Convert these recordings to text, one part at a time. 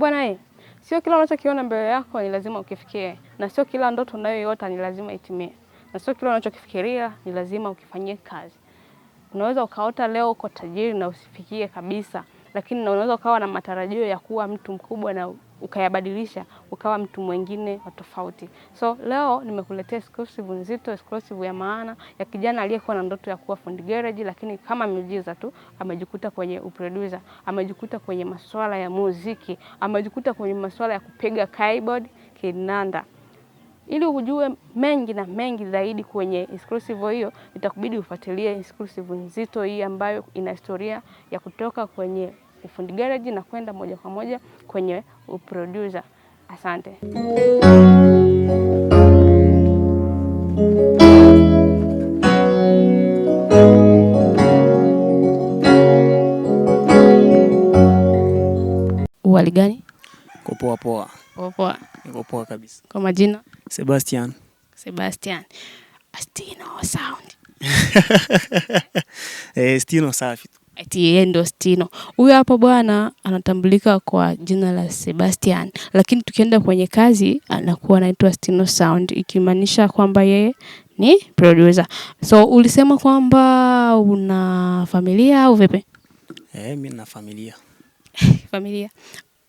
bwana eh, sio kila unachokiona mbele yako ni lazima ukifikie, na sio kila ndoto unayoiota ni lazima itimie, na sio kila unachokifikiria ni lazima ukifanyie kazi. Unaweza ukaota leo uko tajiri na usifikie kabisa, lakini unaweza ukawa na matarajio ya kuwa mtu mkubwa na ukayabadilisha ukawa mtu mwingine wa tofauti. So leo nimekuletea exclusive nzito, exclusive ya maana ya kijana aliyekuwa na ndoto ya kuwa fundi garage, lakini kama miujiza tu amejikuta kwenye uproducer, amejikuta kwenye masuala ya muziki, amejikuta kwenye masuala ya kupiga keyboard, kinanda. Ili ujue mengi na mengi zaidi kwenye exclusive hiyo, itakubidi ufuatilie exclusive nzito hii ambayo ina historia ya kutoka kwenye ufundi garage na kwenda moja kwa moja kwenye uproducer. Asante. Hali gani? Ko poa poa. Poa poa. Niko poa kabisa. Kwa majina? Sebastian. Sebastian. Astino sound. Eh, Astino safi tu ndio Stino. Huyu hapa bwana anatambulika kwa jina la Sebastian, lakini tukienda kwenye kazi anakuwa anaitwa Stino Sound, ikimaanisha kwamba yeye ni producer. So ulisema kwamba una familia au vipi? Eh, mimi na familia. Familia.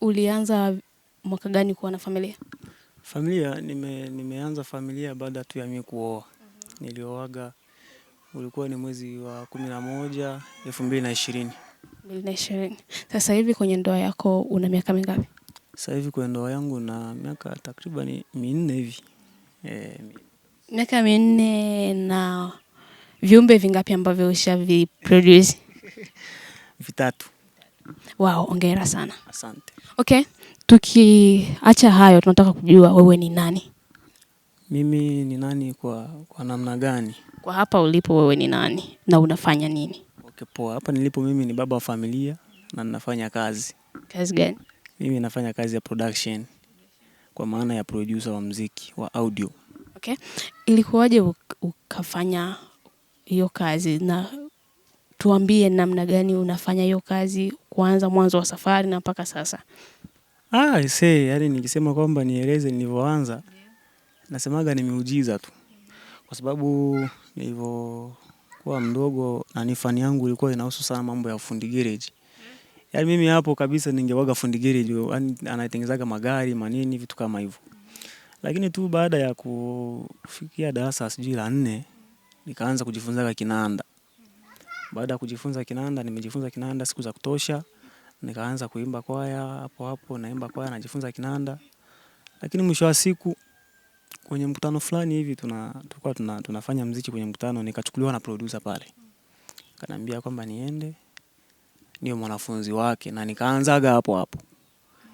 Ulianza mwaka gani kuwa na familia? Familia nime, nimeanza familia baada tu ya mimi kuoa. Nilioaga ulikuwa ni mwezi wa kumi na moja elfu mbili na ishirini Sasa hivi kwenye ndoa yako una miaka mingapi? Sasa hivi kwenye ndoa yangu na miaka takriban minne hivi. E, miaka minne na viumbe vingapi ambavyo ushavi produce? Vitatu. Wow, ongera sana. Asante. Okay, tukiacha hayo tunataka kujua wewe ni nani? Mimi ni nani kwa namna gani? Kwa hapa ulipo wewe ni nani na unafanya nini? Okay poa, hapa nilipo mimi ni baba wa familia na ninafanya kazi. Kazi gani? Mimi nafanya kazi ya production kwa maana ya producer wa muziki wa audio. Okay. Ilikuwaje ukafanya hiyo kazi na tuambie namna gani unafanya hiyo kazi kuanza mwanzo wa safari na mpaka sasa. Ah, see, yani nikisema kwamba nieleze nilivyoanza nasemaga ni miujiza tu, kwa sababu nilivyokuwa mdogo na fani yangu ilikuwa inahusu sana mambo ya fundi gereji. Yaani mimi hapo kabisa ningewaga fundi gereji, yaani anatengenezaga magari manini vitu kama hivyo. Lakini tu baada ya kufikia darasa sijui la nne, nikaanza kujifunza kinanda. Baada ya kujifunza kinanda, nimejifunza kinanda siku za kutosha, nikaanza kuimba kwaya, hapo hapo naimba kwaya najifunza kinanda. Lakini mwisho wa siku kwenye mkutano fulani hivi tuna tukua, tuna, tunafanya mziki kwenye mkutano, nikachukuliwa na producer pale, kaniambia kwamba niende niwe mwanafunzi wake, na nikaanzaga hapo hapo.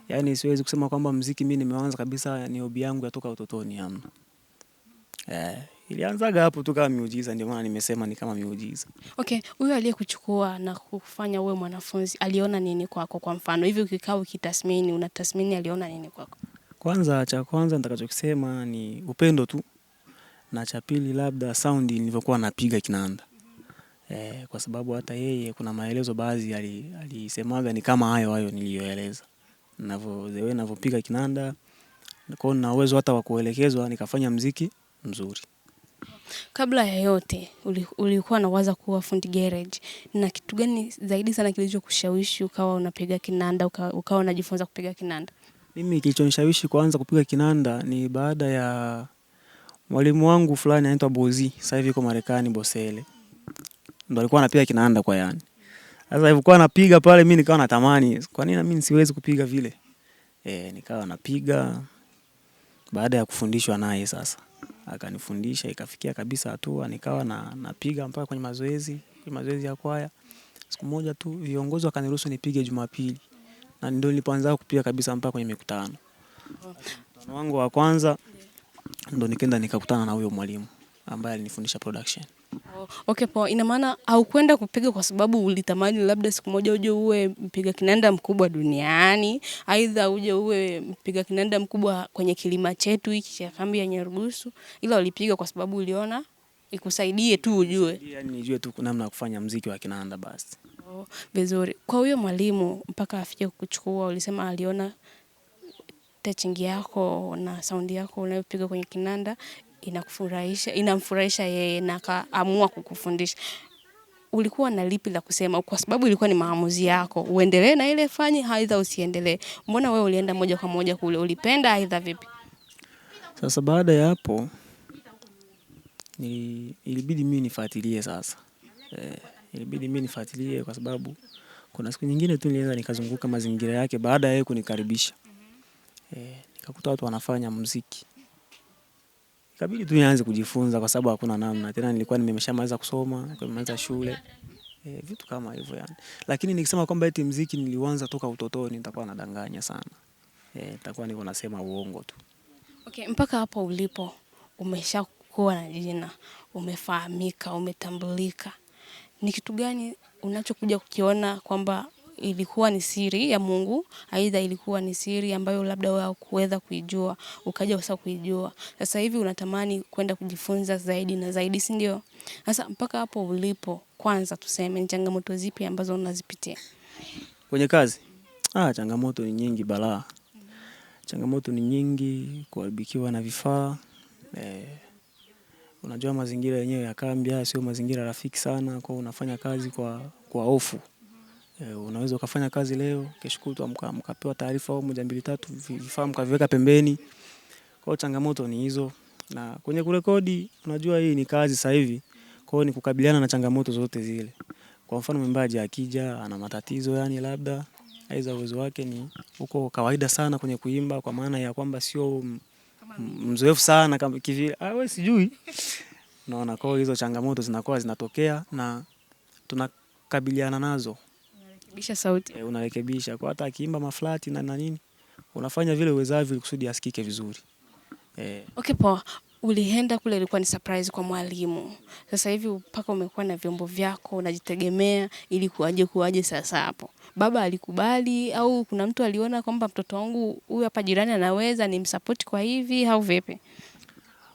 yaani siwezi kusema kwamba mziki mimi nimeanza kabisa, ni hobi yangu yatoka utotoni, amna eh, ilianzaga hapo tu kama miujiza, ndio maana nimesema ni kama miujiza. Okay, huyo aliyekuchukua na kufanya uwe mwanafunzi aliona nini kwako? Kwa mfano hivi ukikaa ukitathmini, unatathmini aliona nini kwako? Kwanza cha kwanza nitakachokisema ni upendo tu na cha pili labda saundi nilivyokuwa napiga kinanda. Eh, kwa sababu hata yeye kuna maelezo baadhi alisemaga ni kama hayo hayo niliyoeleza. Navyo zewe navyopiga kinanda kwa hiyo nina uwezo hata wa kuelekezwa nikafanya mziki mzuri. Kabla ya yote ulikuwa unawaza kuwa fundi garage na kitu gani zaidi sana kilichokushawishi ukawa unapiga kinanda ukawa unajifunza kupiga kinanda? Mimi kilichonishawishi kuanza kupiga kinanda ni baada ya mwalimu wangu fulani anaitwa Bozi, sasa hivi yuko Marekani Bosele. Ndio alikuwa anapiga kinanda kwa yani. Sasa alivyokuwa anapiga pale mimi nikawa natamani, kwa nini mimi siwezi kupiga vile? Eh, nikawa napiga baada ya kufundishwa naye sasa. Akanifundisha ikafikia kabisa hatua nikawa na napiga mpaka kwenye mazoezi, kwenye mazoezi ya kwaya. Siku moja tu viongozi wakaniruhusu nipige Jumapili na ndio nilipoanza kupiga kabisa mpaka kwenye mikutano. Mkutano wangu wa kwanza ndo nikaenda nikakutana na huyo mwalimu ambaye alinifundisha production. Oh, okay, poa. Ina maana haukwenda kupiga kwa sababu ulitamani labda siku moja uje uwe mpiga kinanda mkubwa duniani, aidha uje uwe mpiga kinanda mkubwa kwenye kilima chetu hiki cha kambi ya Nyarugusu, ila ulipiga kwa sababu uliona ikusaidie tu ujue, yani nijue tu namna ya kufanya mziki wa kinanda basi yao vizuri. Kwa huyo mwalimu mpaka afike kukuchukua, ulisema aliona teaching yako na saundi yako unayopiga kwenye kinanda inakufurahisha, inamfurahisha yeye na akaamua kukufundisha. Ulikuwa na lipi la kusema kwa sababu ilikuwa ni maamuzi yako. Uendelee na ile fanyi aidha usiendelee. Mbona wewe ulienda moja kwa moja kule? Ulipenda aidha vipi? Sasa baada ya hapo ilibidi mimi nifuatilie sasa. Eh, ilibidi mimi nifuatilie kwa sababu kuna siku nyingine tu nilienda nikazunguka mazingira yake baada ya yeye kunikaribisha. E, nikakuta watu wanafanya muziki. Ikabidi tu nianze kujifunza kwa sababu hakuna namna. Tena nilikuwa nimeshamaliza kusoma, nimeanza shule. E, vitu kama hivyo yani. Lakini nikisema kwamba eti muziki niliuanza toka utotoni nitakuwa nadanganya sana. E, nitakuwa niko nasema uongo tu. Okay, mpaka hapo ulipo umeshakuwa na jina, umefahamika, umetambulika ni kitu gani unachokuja kukiona kwamba ilikuwa ni siri ya Mungu, aidha ilikuwa ni siri ambayo labda wewe hukuweza kuijua, ukaja sasa kuijua. Sasa hivi unatamani kwenda kujifunza zaidi na zaidi, si ndio? Sasa mpaka hapo ulipo, kwanza tuseme ni changamoto zipi ambazo unazipitia kwenye kazi? Ah, changamoto ni nyingi balaa. Changamoto ni nyingi, kuharibikiwa na vifaa eh unajua mazingira yenyewe ya kambi haya sio mazingira rafiki sana, kwa unafanya kazi kwa kwa hofu e, unaweza ukafanya kazi leo, kesho kutwa mkapewa taarifa au moja mbili tatu, vifaa mkaviweka pembeni. Kwa changamoto ni hizo, na kwenye kurekodi, unajua hii ni kazi sasa hivi, kwa ni kukabiliana na changamoto zote zile. Kwa mfano mwimbaji akija ana matatizo yani, labda aidha uwezo wake ni uko kawaida sana kwenye kuimba, kwa maana ya kwamba sio Mm, mzoefu sana kama kivile, ah wewe sijui naona. Kwa hizo changamoto zinakuwa zinatokea na tunakabiliana nazo, unarekebisha sauti e, unarekebisha kwa hata akiimba maflati na nini, unafanya vile uwezavyo kusudi asikike vizuri e. Okay, poa ulienda kule ilikuwa ni surprise kwa mwalimu. Sasa hivi mpaka umekuwa na vyombo vyako unajitegemea, ili kuaje kuaje sasa hapo? Baba alikubali au kuna mtu aliona kwamba mtoto wangu huyu hapa jirani anaweza ni msapoti kwa hivi au vipi?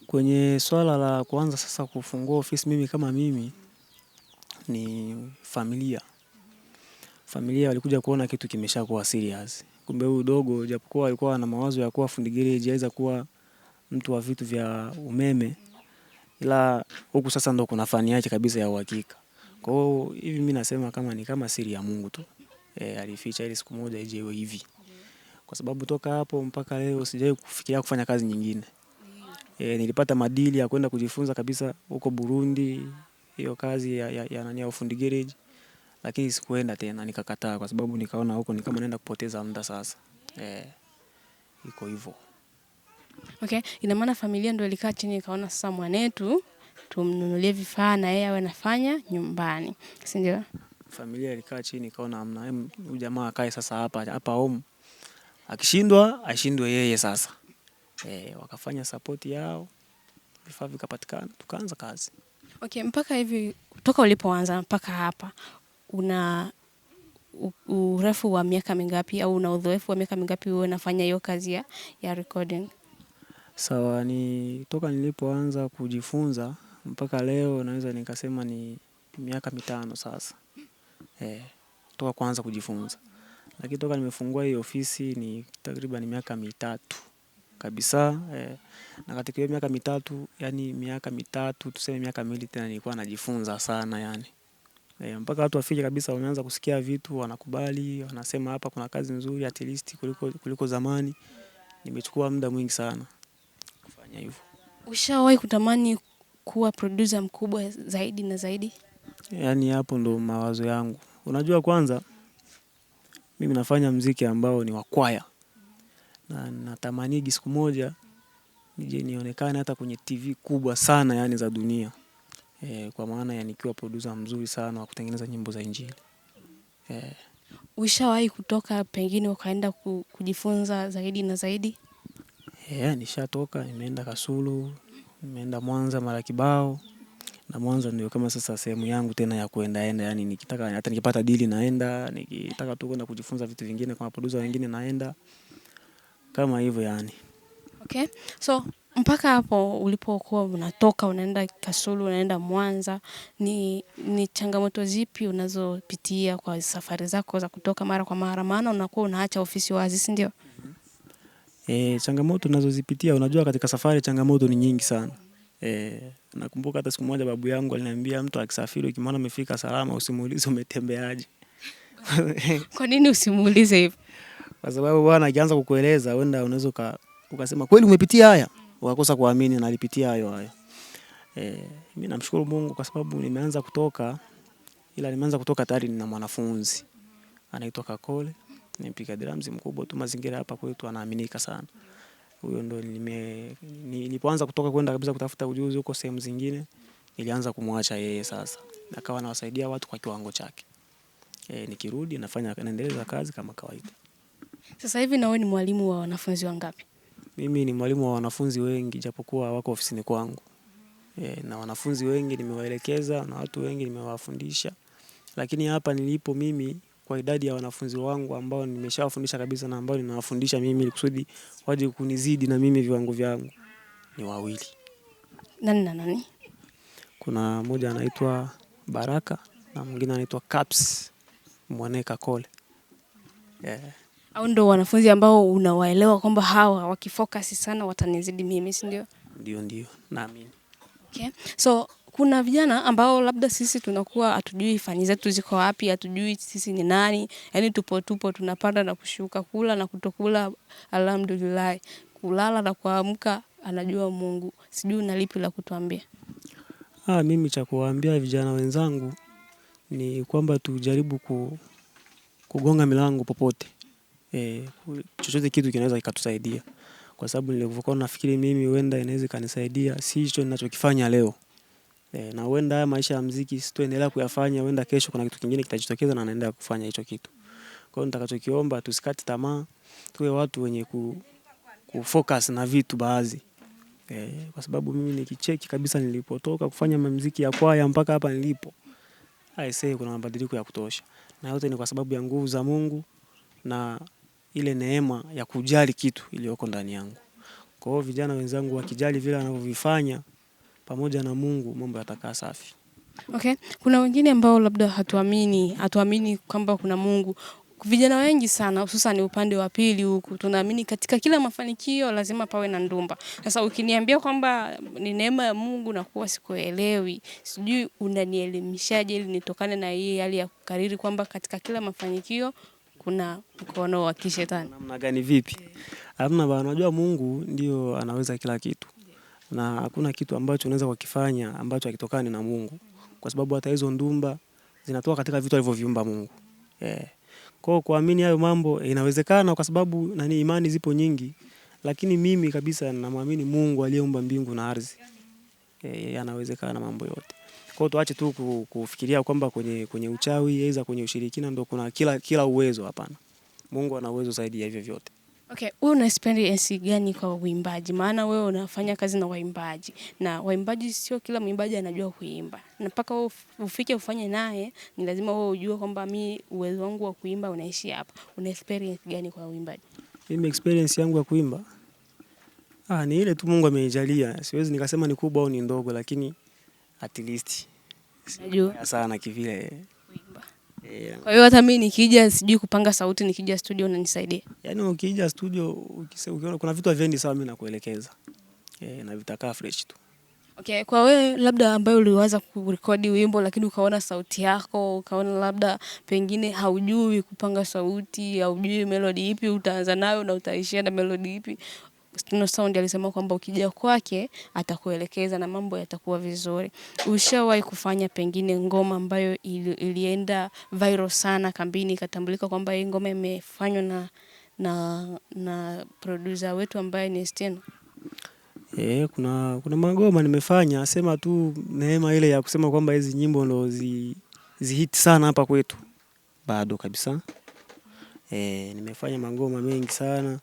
Kwenye swala la kuanza sasa kufungua ofisi, mimi kama mimi ni familia. Familia walikuja kuona kitu kimeshakuwa serious. Kumbe huyu dogo japokuwa alikuwa na mawazo ya kuwa fundi gereji aweza kuwa mtu wa vitu vya umeme, ila huku sasa ndo kuna fani yake kabisa ya uhakika. Kwa hiyo hivi mimi nasema kama ni kama siri ya Mungu tu e, alificha ili siku moja ije iwe hivi, kwa sababu toka hapo mpaka leo sijawahi kufikiria kufanya kazi nyingine. E, nilipata madili ya kwenda kujifunza kabisa huko Burundi hiyo kazi ya, ya, ya, ya ufundi garage, lakini sikuenda tena, nikakataa kwa sababu nikaona huko ni kama naenda kupoteza muda. Sasa e, iko hivyo. Okay, ina maana familia ndio ilikaa chini ikaona sasa mwanetu tumnunulie vifaa na yeye awe anafanya nyumbani, si ndio? Familia ilikaa chini ikaona amna huyu jamaa akae sasa hapa hapa home, akishindwa ashindwe yeye sasa. Eh, wakafanya support yao, vifaa vikapatikana, tukaanza kazi. Okay, mpaka hivi toka ulipoanza mpaka hapa una urefu wa miaka mingapi au una uzoefu wa miaka mingapi wewe unafanya hiyo kazi ya, ya recording? Sawa ni toka nilipoanza kujifunza mpaka leo naweza nikasema ni miaka mitano sasa. E, toka kuanza kujifunza. Lakini toka nimefungua hii ofisi ni takriban miaka mitatu. Kabisa e, na katika hiyo miaka mitatu yani miaka mitatu tuseme miaka miwili tena nilikuwa najifunza sana yaani. Mpaka watu wafike kabisa wameanza kusikia vitu wanakubali wanasema hapa kuna kazi nzuri at least kuliko zamani. Nimechukua muda mwingi sana kufanya hivyo. Ushawahi kutamani kuwa producer mkubwa zaidi na zaidi? Yaani hapo ndo mawazo yangu. Unajua, kwanza mimi nafanya mziki ambao ni wa kwaya na natamanigi siku moja nije nionekane hata kwenye TV kubwa sana, yani za dunia e, kwa maana ya nikiwa producer mzuri sana wa kutengeneza nyimbo za injili e. Ushawahi kutoka pengine ukaenda kujifunza zaidi na zaidi? Eh, nishatoka, nimeenda Kasulu, nimeenda Mwanza mara kibao. Na Mwanza ndio kama sasa sehemu yangu tena ya kuenda enda. yani nikitaka, hata nikipata dili naenda. Nikitaka tu kwenda kujifunza vitu vingine kwa producer wengine naenda. Kama hivyo yani. Okay, so mpaka hapo ulipokuwa unatoka, unaenda Kasulu, unaenda Mwanza. Ni changamoto zipi unazopitia kwa safari zako za kutoka mara kwa mara maana unakuwa unaacha ofisi wazi si ndio? E, Changamoto nazozipitia, unajua katika safari changamoto ni nyingi sana. E, Nakumbuka hata siku moja babu yangu aliniambia mtu akisafiri ukimwona amefika salama usimuulize umetembeaje. Kwa nini usimuulize hivo? Kwa sababu bwana akianza kukueleza wenda unaweza uka, ukasema kweli umepitia haya? Ukakosa kuamini na alipitia hayo hayo. E, mimi namshukuru mungu kwa sababu nimeanza kutoka ila nimeanza kutoka tayari nina mwanafunzi. Anaitwa Kakole ni mpiga drums mkubwa tu mazingira hapa kwetu anaaminika sana. Huyo ndo nime nilipoanza kutoka kwenda kabisa kutafuta ujuzi huko sehemu zingine, nilianza kumwacha yeye sasa. Akawa anawasaidia watu kwa kiwango chake. E, nikirudi nafanya naendeleza kazi kama kawaida. Sasa hivi na wewe ni mwalimu wa wanafunzi wangapi? Mimi ni mwalimu wa wanafunzi wengi japokuwa wako ofisini kwangu. E, na wanafunzi wengi nimewaelekeza na watu wengi nimewafundisha. Lakini hapa nilipo mimi kwa idadi ya wanafunzi wangu ambao nimeshawafundisha kabisa na ambao ninawafundisha mimi, kusudi waje kunizidi na mimi viwango vyangu ni wawili. Nani na nani? Kuna mmoja anaitwa Baraka na mwingine anaitwa Caps Mwaneka Kole. Yeah. Au ndo wanafunzi ambao unawaelewa kwamba hawa wakifocus sana watanizidi mimi, si ndio? Ndio, ndio, naamini. Okay. So kuna vijana ambao labda sisi tunakuwa hatujui fani zetu ziko wapi, hatujui sisi ni nani, yani tupo tupo tunapanda na kushuka, kula na kutokula, alhamdulillah, kulala na kuamka, anajua Mungu. Sijui una lipi la kutuambia? Ah, mimi cha kuwaambia vijana wenzangu ni kwamba tujaribu ku, kugonga milango popote e, chochote kitu kinaweza kikatusaidia, kwa sababu nilivyokuwa nafikiri mimi huenda inaweza ikanisaidia, si hicho ninachokifanya leo. E, na huenda haya maisha ya muziki sitoendelea kuyafanya, huenda kesho kuna kitu kingine kitajitokeza na naenda kufanya hicho kitu. Kwa hiyo nitakachokiomba, tusikate tamaa, tuwe watu wenye ku, ku focus na vitu baadhi e, kwa sababu mimi nikicheki kabisa nilipotoka kufanya mziki ya kwaya mpaka hapa nilipo aisee, kuna mabadiliko ya kutosha, na yote ni kwa sababu ya nguvu za Mungu na ile neema ya kujali kitu iliyoko ndani yangu. Kwa hiyo vijana wenzangu wakijali vile wanavyovifanya pamoja na Mungu mambo yatakaa safi. Okay. Kuna wengine ambao labda hatuamini, hatuamini kwamba kuna Mungu. Vijana wengi sana hususan upande wa pili huku tunaamini katika kila mafanikio lazima pawe na ndumba. Sasa ukiniambia kwamba ni neema ya Mungu na kuwa sikuelewi, sijui unanielimishaje ili nitokane na hii hali ya kukariri kwamba katika kila mafanikio kuna mkono wa kishetani. Namna gani vipi? Eh. Hamna bwana, unajua Mungu ndio anaweza kila kitu na hakuna kitu ambacho unaweza kukifanya ambacho hakitokani na Mungu, kwa sababu hata hizo ndumba zinatoka katika vitu alivyoviumba Mungu eh. Kwa kuamini hayo mambo eh, inawezekana, kwa sababu nani, imani zipo nyingi, lakini mimi kabisa namwamini Mungu aliyeumba mbingu na ardhi eh, yanawezekana mambo yote. Kwa tuache tu kufikiria kwamba kwenye, kwenye uchawi aidha kwenye ushirikina ndo kuna kila, kila uwezo. Hapana, Mungu ana uwezo zaidi ya hivyo vyote. Okay, wewe una experience gani kwa uimbaji? Maana wewe unafanya kazi na waimbaji na waimbaji, sio kila mwimbaji anajua kuimba, na mpaka wewe ufike ufanye naye, ni lazima wewe ujue kwamba mi uwezo wangu wa kuimba unaishi hapa. Una experience gani kwa uimbaji? Mimi experience yangu ya kuimba ah, ni ile tu Mungu amenijalia, siwezi nikasema ni kubwa au ni ndogo, lakini at least najua sana kivile. Yeah. Kwa hiyo hata mimi nikija sijui kupanga sauti, nikija studio unanisaidia. Yaani ukija studio ukiona kuna vitu haviendi sawa, mimi nakuelekeza. Eh, na vitakaa fresh tu. Okay, kwa wewe labda ambaye uliwaza kurekodi wimbo lakini ukaona sauti yako ukaona labda pengine haujui kupanga sauti, haujui melodi ipi utaanza nayo na utaishia na melodi ipi, Steno Sound alisema kwamba ukija kwake atakuelekeza na mambo yatakuwa vizuri. Ushawahi kufanya pengine ngoma ambayo ili, ilienda viral sana kambini ikatambulika kwamba hii ngoma imefanywa na na na producer wetu ambaye ni Stino? E, eh, kuna kuna magoma nimefanya, sema tu neema ile ya kusema kwamba hizi nyimbo ndo zi, zi hit sana hapa kwetu bado kabisa. E, nimefanya magoma mengi sana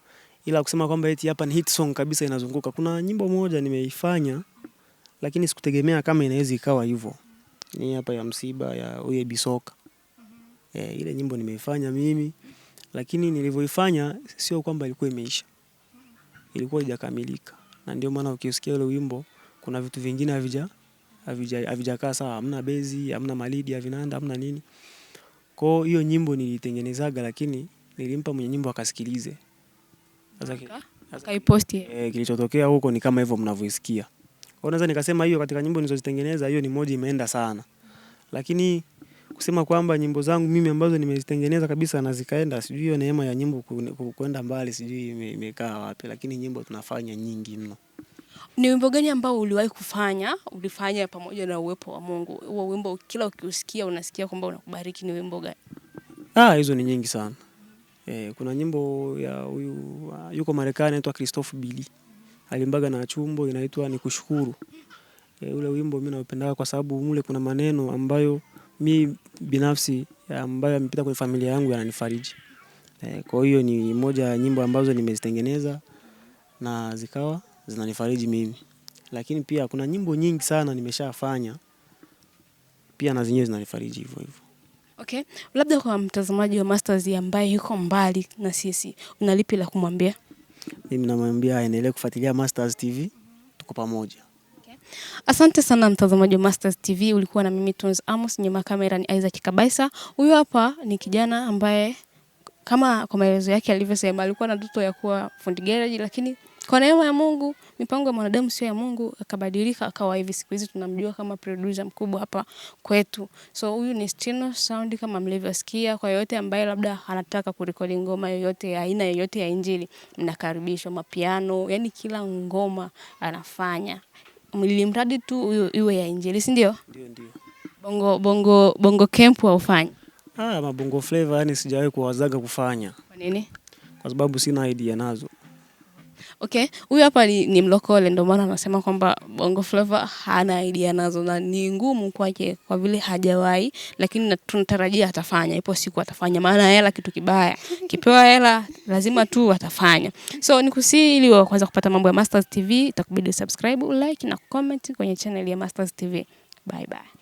ila kusema kwamba eti hapa ni hit song kabisa inazunguka. Kuna nyimbo moja nimeifanya, lakini sikutegemea kama inaweza ikawa hivyo. Ni hapa ya msiba ya Uye Bisoka. Mhm. E, eh, ile nyimbo nimeifanya mimi, lakini nilivyoifanya sio kwamba ilikuwa imeisha, ilikuwa haijakamilika, na ndio maana ukisikia ule wimbo kuna vitu vingine havija havijakaa sawa, hamna bezi, hamna malidi, havinanda, hamna nini. Kwa hiyo nyimbo nilitengenezaga, lakini nilimpa mwenye nyimbo akasikilize. Eh, kilichotokea huko ni kama hivyo mnavyoisikia. Kwa hiyo naweza nikasema hiyo katika nyimbo nilizozitengeneza hiyo ni moja imeenda sana. Lakini kusema kwamba nyimbo zangu mimi ambazo nimezitengeneza kabisa na zikaenda, sijui hiyo neema ya nyimbo kwenda mbali sijui imekaa wapi, lakini nyimbo tunafanya nyingi mno. Ni wimbo gani ambao uliwahi kufanya ulifanya pamoja na uwepo wa Mungu? Huo wimbo kila ukiusikia unasikia kwamba unakubariki, ni wimbo gani? Ah, hizo ni nyingi sana. Eh, kuna nyimbo ya huyu yuko Marekani anaitwa Christophe Billy. Alimbaga na chumbo inaitwa Nikushukuru. Eh, ule wimbo mimi naupendaga kwa sababu mule kuna maneno ambayo mi binafsi ambayo yamepita kwenye familia yangu yananifariji. Eh, kwa hiyo ni moja ya nyimbo ambazo nimezitengeneza na zikawa zinanifariji mimi. Lakini pia kuna nyimbo nyingi sana nimeshafanya pia na zenyewe zinanifariji hivyo hivyo. Okay, labda kwa mtazamaji wa Masters ambaye yuko mbali na sisi, unalipi la kumwambia? Mimi namwambia aendelee kufuatilia Masters TV, tuko pamoja. Okay. Asante sana mtazamaji wa Masters TV, ulikuwa na mimi Tunes Amos, nyuma kamera ni Isaac Kabaisa. Huyu hapa ni kijana ambaye kama kwa maelezo yake alivyosema alikuwa na ndoto ya kuwa fundi garage lakini kwa neema ya Mungu, mipango ya mwanadamu sio ya Mungu, akabadilika akawa hivi. Siku hizi tunamjua kama producer mkubwa hapa kwetu. So huyu ni Stino Sound kama mlivyosikia. Kwa yote ambaye labda anataka kurekodi ngoma yoyote ya aina yoyote ya injili, mnakaribishwa. Mapiano, yani kila ngoma anafanya, mlimradi tu iwe ya injili, si ndio? Ndio, ndio. Bongo bongo bongo camp wa waufanyi? Ah, mabongo flavor yani sijawahi kuwazaga kufanya. Kwa nini? Kwa sababu sina idea nazo. Okay, huyu hapa ni, ni mlokole ndio maana anasema kwamba Bongo Flava hana idea nazo na ni ngumu kwake kwa vile hajawahi, lakini tunatarajia atafanya, ipo siku atafanya, maana hela kitu kibaya, kipewa hela lazima tu atafanya. So nikusii, ili waanze kupata mambo ya masters TV, itakubidi subscribe, like na comment kwenye channel ya masters TV. Bye bye.